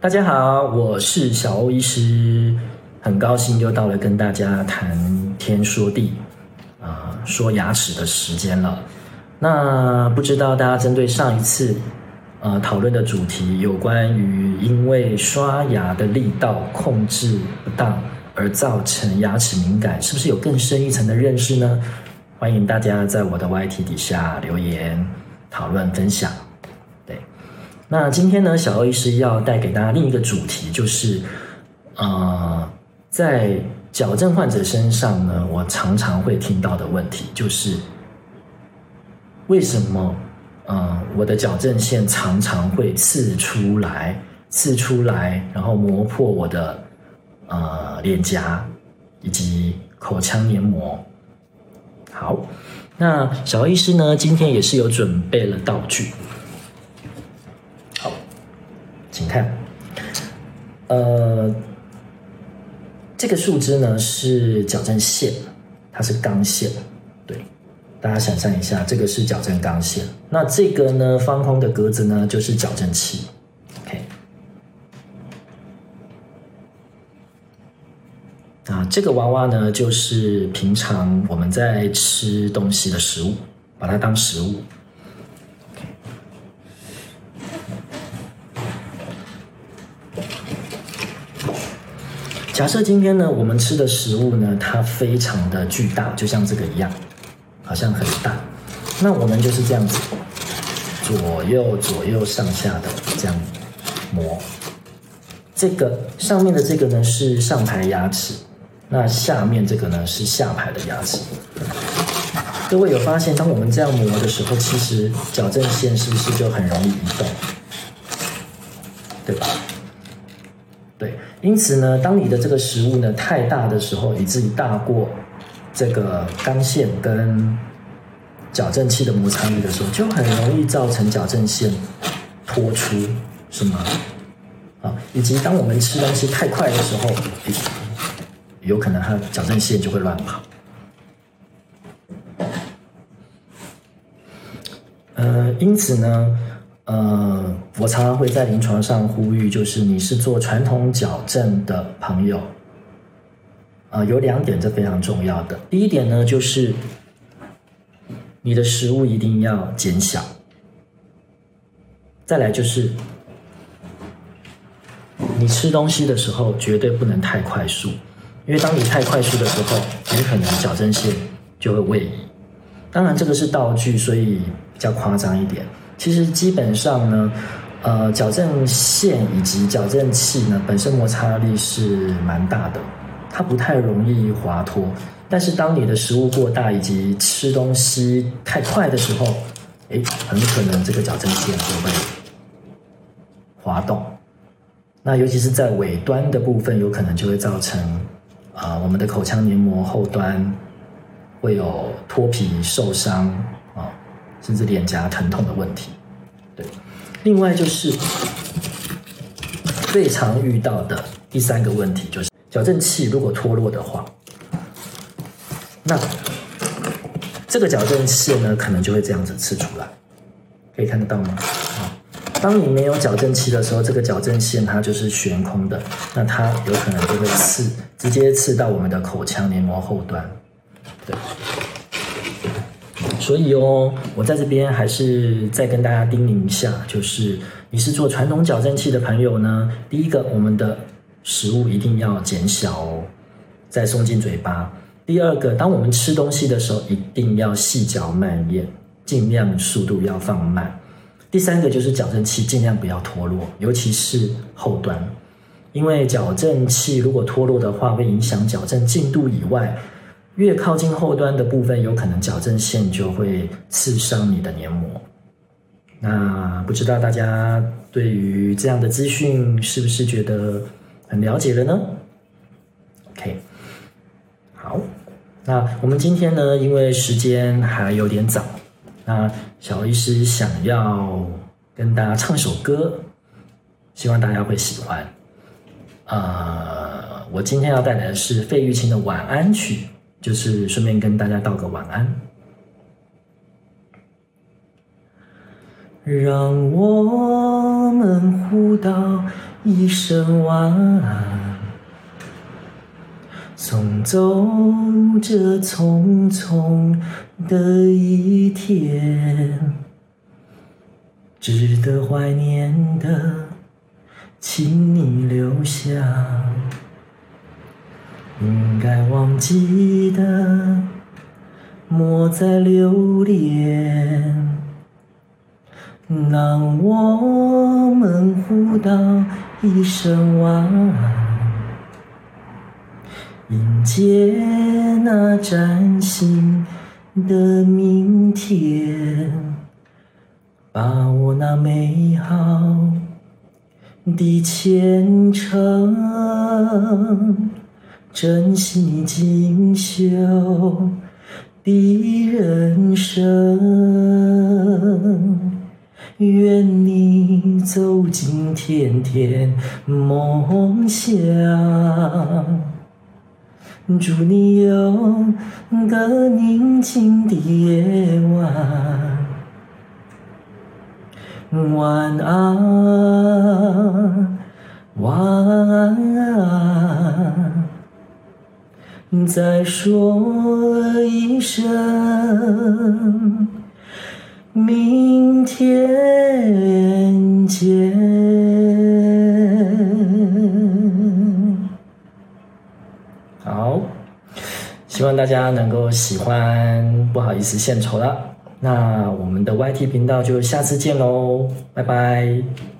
大家好，我是小歐醫師，很高興又到了跟大家談天說地啊、呃，說牙齒的時間了。那不知道大家針對上一次呃討論的主題，有關於因為刷牙的力道控制不當而造成牙齒敏感，是不是有更深一層的認識呢？歡迎大家在我的 YT 底下留言討論分享。那今天呢，小歐醫師要帶給大家另一個主題，就是，呃，在矯正患者身上呢，我常常會聽到的問題，就是為什麼，呃，我的矯正線常常會刺出來，刺出來，然後磨破我的呃臉頰以及口腔黏膜。好，那小歐醫師呢，今天也是有準備了道具。請看，呃，這個樹枝呢是矯正線，它是鋼線，對，大家想象一下，這個是矯正鋼線。那這個呢方框的格子呢就是矯正器，OK。啊，這個娃娃呢就是平常我們在吃東西的食物，把它當食物。假設今天呢，我們吃的食物呢，它非常的巨大，就像這個一樣，好像很大。那我們就是這樣子，左右左右上下的這樣磨。這個上面的這個呢是上排牙齒，那下面這個呢是下排的牙齒。各位有發現，當我們這樣磨的時候，其實矯正線是不是就很容易移動，對吧？因此呢，當你的這個食物呢太大的時候，以至於大過這個鋼線跟矯正器的摩擦力的時候，就很容易造成矯正線脫出，是嗎？啊，以及當我們吃東西太快的時候，有可能它矯正線就會亂跑。呃，因此呢。呃，我常常會在臨床上呼籲，就是你是做傳統矯正的朋友，啊、呃，有兩點是非常重要的。第一點呢，就是你的食物一定要減小。再來就是，你吃東西的時候絕對不能太快速，因為當你太快速的時候，很可能矯正線就會位移。當然，這個是道具，所以比較誇張一點。其實基本上呢，呃，矯正線以及矯正器呢，本身摩擦力是蠻大的，它不太容易滑脫。但是當你的食物過大以及吃東西太快的時候，誒，很可能這個矯正線就會滑動。那尤其是在尾端的部分，有可能就會造成啊、呃，我們的口腔黏膜後端會有脫皮受傷，甚至臉頰疼痛的問題，對。另外就是最常遇到的第三個問題，就是矯正器如果脫落的話，那這個矯正器呢，可能就會這樣子刺出來，可以看得到嗎？啊、嗯，當你沒有矯正器的時候，這個矯正線它就是懸空的，那它有可能就會刺，直接刺到我們的口腔黏膜後端，對。所以哦，我在這邊還是再跟大家叮嚀一下，就是你是做傳統矯正器的朋友呢，第一個，我們的食物一定要減小哦，再送進嘴巴；第二個，當我們吃東西的時候，一定要細嚼慢嚥，盡量速度要放慢；第三個就是矯正器盡量不要脫落，尤其是後端，因為矯正器如果脫落的話，會影響矯正進度以外，越靠近後端的部分，有可能矯正線就會刺傷你的黏膜。那不知道大家對於這樣的資訊是不是覺得很了解了呢？OK，好，那我們今天呢，因為時間還有點早，那小醫師想要跟大家唱首歌，希望大家會喜歡。呃，我今天要帶來的是費玉清的《晚安曲》。就是順便跟大家道個晚安，讓我們互道一聲晚安，送走這匆匆的一天，值得懷念的，請你留下。應該忘記的，莫再留戀。讓我們互道一聲晚安，迎接那嶄新的明天，把握那美好的前程。珍惜你錦繡的人生，願你走進甜甜夢鄉，祝你有個寧靜的夜晚，晚安，晚安。再說一聲，明天見。好，希望大家能夠喜歡，不好意思獻醜了。那我們的 YT 頻道就下次見嘍，拜拜。